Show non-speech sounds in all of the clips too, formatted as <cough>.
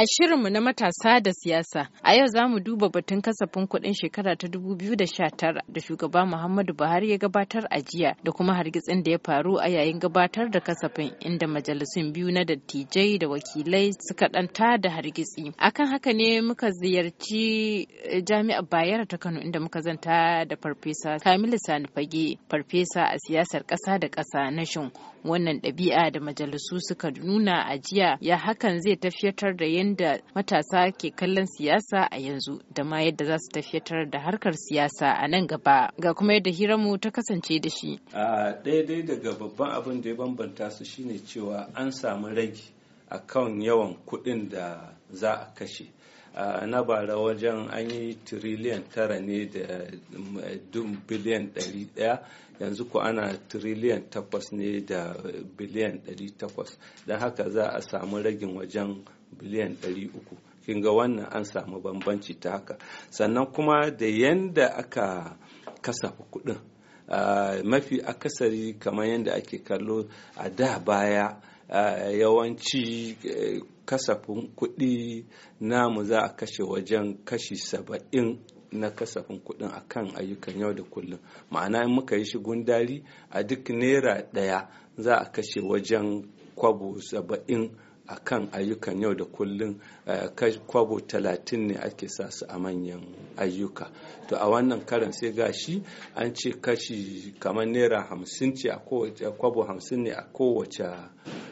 A shirinmu na matasa da siyasa, a yau za mu duba batun kasafin kuɗin shekara ta 2019 da shugaba Muhammadu Buhari ya gabatar a jiya da kuma hargitsin da ya faru a yayin gabatar da kasafin inda majalisun biyu na dattijai da wakilai suka ɗanta da hargitsi. Akan haka ne muka ziyarci eh, jami'ar Bayero ta Kano inda muka zanta da Farfesa Kamilu Sani Fage, Farfesa a siyasar ƙasa da kasa na shin wannan ɗabi'a da majalisu suka nuna a jiya ya hakan zai tafiyatar da yin yadda matasa ke kallon siyasa a yanzu da ma yadda za su tafiyatar da harkar siyasa a nan gaba ga kuma yadda hiramu ta kasance da shi. A daidai daga babban abin da ya bambanta su shine cewa an samu ragi a kan yawan kuɗin da za a kashe. na bara wajen an yi tiriliyan tara ne da biliyan ɗari ɗaya yanzu ko ana tiriliyan takwas ne da biliyan ɗari takwas don haka za a samu ragin wajen biliyan 300 kin ga wannan an samu bambanci ta haka sannan kuma da yanda aka kasafa kuɗin mafi akasari kamar yadda ake kallo a da baya yawanci e, kasafin kuɗi namu za a kashe wajen kashi saba'in na kasafin kuɗin a kan ayyukan yau da kullum ma'ana in muka yi shigun dari a duk naira ɗaya za a kashe wajen kwabo saba'in a kan ayyukan yau da kullum eh, kwabo talatin ne ake sa su a manyan ayyuka to a wannan karan sai gashi an ce kashi kamar naira hamsin ce kwabo hamsin ne a kowace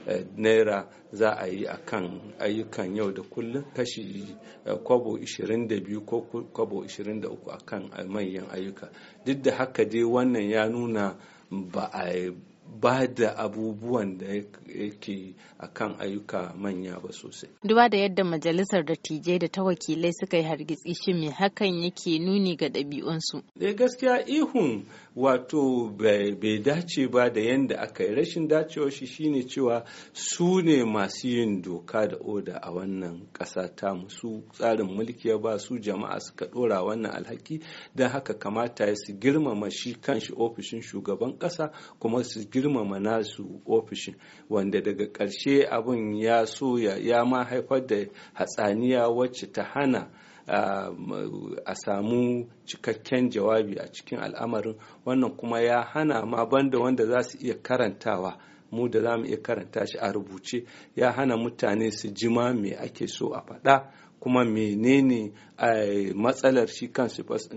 eh, naira za a yi a kan ayyukan yau da kullum kashi eh, kwabo 22 ko kwabo 23 a kan manyan ayyuka duk da haka dai wannan ya nuna ba a ba da abubuwan da yake a kan ayyuka manya ba sosai. Duba da yadda majalisar dattijai da ta wakilai suka yi hargitsi shi mai hakan yake nuni ga ɗabi'unsu. da eh, gaskiya ihun wato bai dace ba da yadda aka yi rashin dacewar shi shine cewa su ne masu yin doka da oda a wannan ƙasa ta su tsarin mulki ya ba su jama'a suka ɗora wannan alhaki don haka kamata su girmama shi kanshi ofishin shugaban ƙasa kuma su girmama nasu ofishin wanda daga ƙarshe abin ya soya ya ma haifar da hatsaniya wacce ta hana ah, a samu cikakken jawabi a cikin al'amarin wannan kuma ya hana ma banda wanda za su iya karantawa mu da za mu iya karanta shi a rubuce ya hana mutane su jima me ake so a faɗa kuma menene eh, matsalar shi kan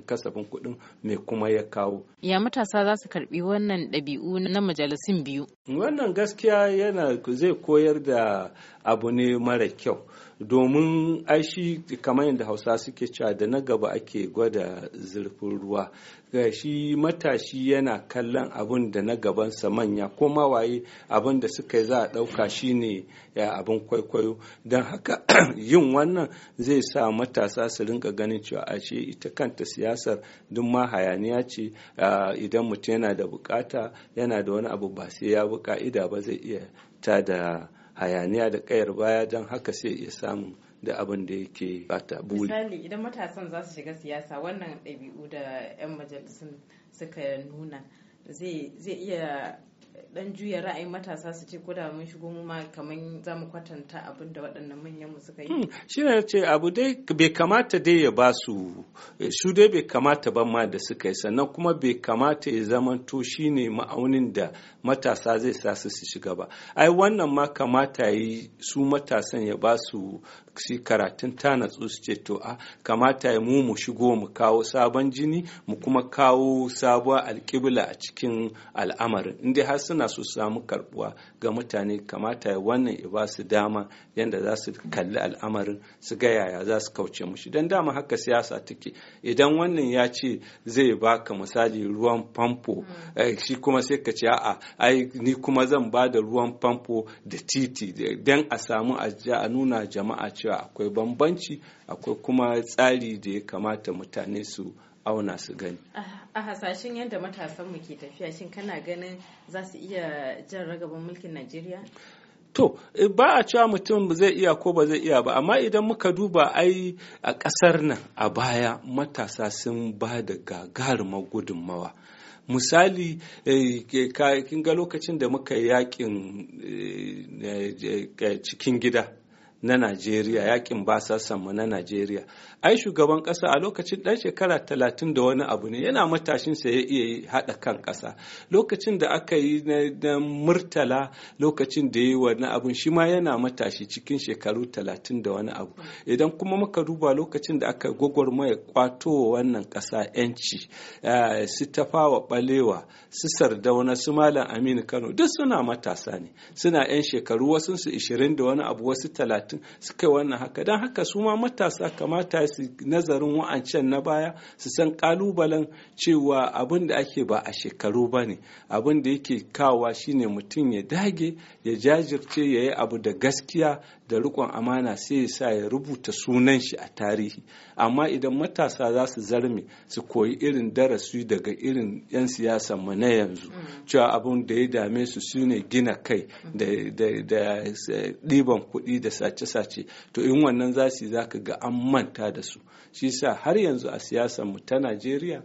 kasafin kuɗin mai kuma ya kawo. Ya matasa za su karbi wannan ɗabi'u na majalisun biyu. Wannan gaskiya yana zai koyar da abu ne mara kyau. domin aishi shi kamar yadda hausa suke cewa da na gaba ake gwada zurfin ruwa ga shi matashi yana kallon abin da na gabansa manya ko waye abin da suka yi za a ɗauka shi ne abin kwaikwayo don haka <clears throat> yin wannan zai sa matasa su rinka ganin cewa a ce ita kanta siyasar duk ma hayaniya ce idan mutum yana da bukata yana da wani abu ba sai ya bi ka'ida ba zai iya ta da hayaniya da kayar baya don haka sai iya samu da abin da yake bata buri. Misali idan matasan za su shiga siyasa wannan ɗabi'u da 'yan majalisun suka nuna zai iya dan juya ra'ayin matasa su ce ko da mun shigo mu ma kaman za mu kwatanta abin da waɗannan manyan mu suka yi hmm, shi ne ce abu dai bai kamata dai ya ba su eh, su dai bai kamata ban ma da suka yi sannan kuma bai kamata ya zama to shine ma'aunin da matasa zai sa su su shiga ba ai wannan ma kamata yi su matasan ya ba su shi karatun ta natsu su ce to a ah, kamata ya mu mu shigo mu kawo sabon jini mu kuma kawo sabuwar alƙibla a cikin al'amarin inda har suna su samu karbuwa ga mutane kamata wannan ya ba su dama yadda za su kalli al'amarin su ga yaya za su kauce mushi don dama haka siyasa take idan wannan ya ce zai baka misali ruwan famfo hmm. eh, shi kuma sai ka ce a'a ai ni kuma zan ba da ruwan famfo da titi don a samu a nuna jama'a cewa akwai bambanci akwai kuma tsari da ya kamata mutane su auna su gani a hasashen yadda matasan mu ke tafiya shin kana ganin za su iya jan ragaban mulkin najeriya To, eh, ba a cewa mutum zai iya ko ba zai iya ba, amma idan muka duba ai a ƙasar nan a baya matasa sun ba da gagarumar gudunmawa. misali eh, kin ga lokacin da muka yi yakin eh, cikin gida na Najeriya yakin basasan mu na Najeriya ai shugaban ƙasa a lokacin ɗan shekara talatin da wani abu ne yana matashin sa ya iya haɗa kan ƙasa lokacin da aka yi na murtala lokacin da yi wani abun shi ma yana matashi cikin shekaru talatin da wani abu idan kuma muka duba lokacin da aka mai kwato wannan kasa yanci eh, su tafawa balewa su sardauna su malam aminu kano duk suna matasa ne suna yan shekaru wasu su ishirin da wani abu wasu talatin talatin suka yi wannan haka don haka su ma matasa kamata su nazarin wa'ancan na baya su san kalubalen cewa abin da ake ba a shekaru ba ne abin da yake kawa shine mutum ya dage ya jajirce ya yi abu da gaskiya da rikon amana sai ya sa ya rubuta sunan shi a tarihi amma idan matasa za su zarme su koyi irin darasi daga irin 'yan siyasa mu na yanzu mm. cewa abin da ya dame su shine gina kai da ɗiban kuɗi da sace sace-sace to in wannan za su za ka ga an manta da su shi sa har yanzu a siyasar mu ta najeriya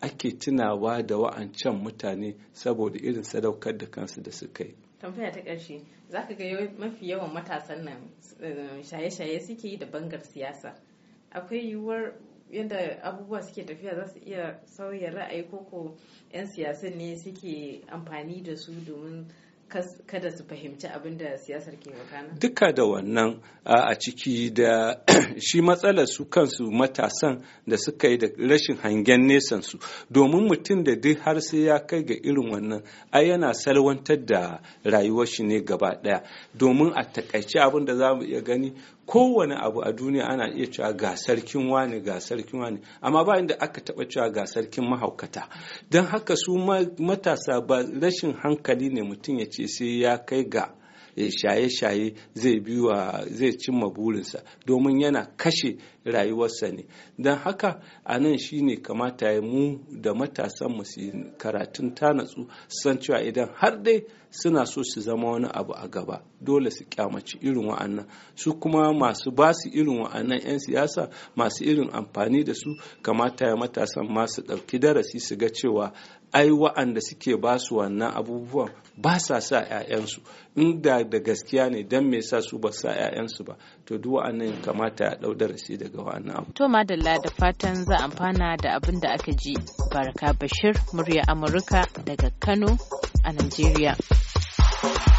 ake tunawa da wa'ancan mutane saboda irin sadaukar da kansu da suka yi tambaya ta ƙarshe za ka ga mafi yawan matasan nan eh, shaye-shaye suke yi da bangar siyasa akwai yiwuwar yadda abubuwa suke tafiya za su iya sauya ra'ayi koko 'yan siyasa ne suke amfani da su domin kada su fahimci abin da siyasar ke makana. Duka da wannan a ciki da <clears throat> shi matsalar su kansu matasan da suka yi da rashin hangen nesan su domin mutum da duk har sai ya kai ga irin wannan ai yana salwantar da rayuwar shi ne gaba daya domin a takaice abin da za mu iya gani kowane abu a duniya ana iya cewa ga sarkin wani ga sarkin wani amma ba inda aka taba cewa ga sarkin mahaukata don haka su matasa ba rashin hankali ne mutum ya ce sai ya kai ga shaye-shaye zai cimma burinsa domin yana kashe rayuwarsa ne don haka a nan shi ne kamata ya mu da matasan mu su karatun tanatsu san cewa idan har dai suna so su zama wani abu a gaba dole su kyamaci irin wa'annan su kuma masu basu irin wa'annan 'yan siyasa masu irin amfani da su kamata ya matasan masu ɗauki darasi su ga cewa ai wa'anda suke basu su wannan abubuwan ba sa sa 'ya'yansu inda da gaskiya ne don me sa su ba sa 'ya'yansu ba to duk wa'annan kamata ya ɗau darasi daga ga wa'annan abu. To madalla da fatan za amfana da abin da aka ji. Baraka Bashir, murya Amurka daga Kano a Najeriya.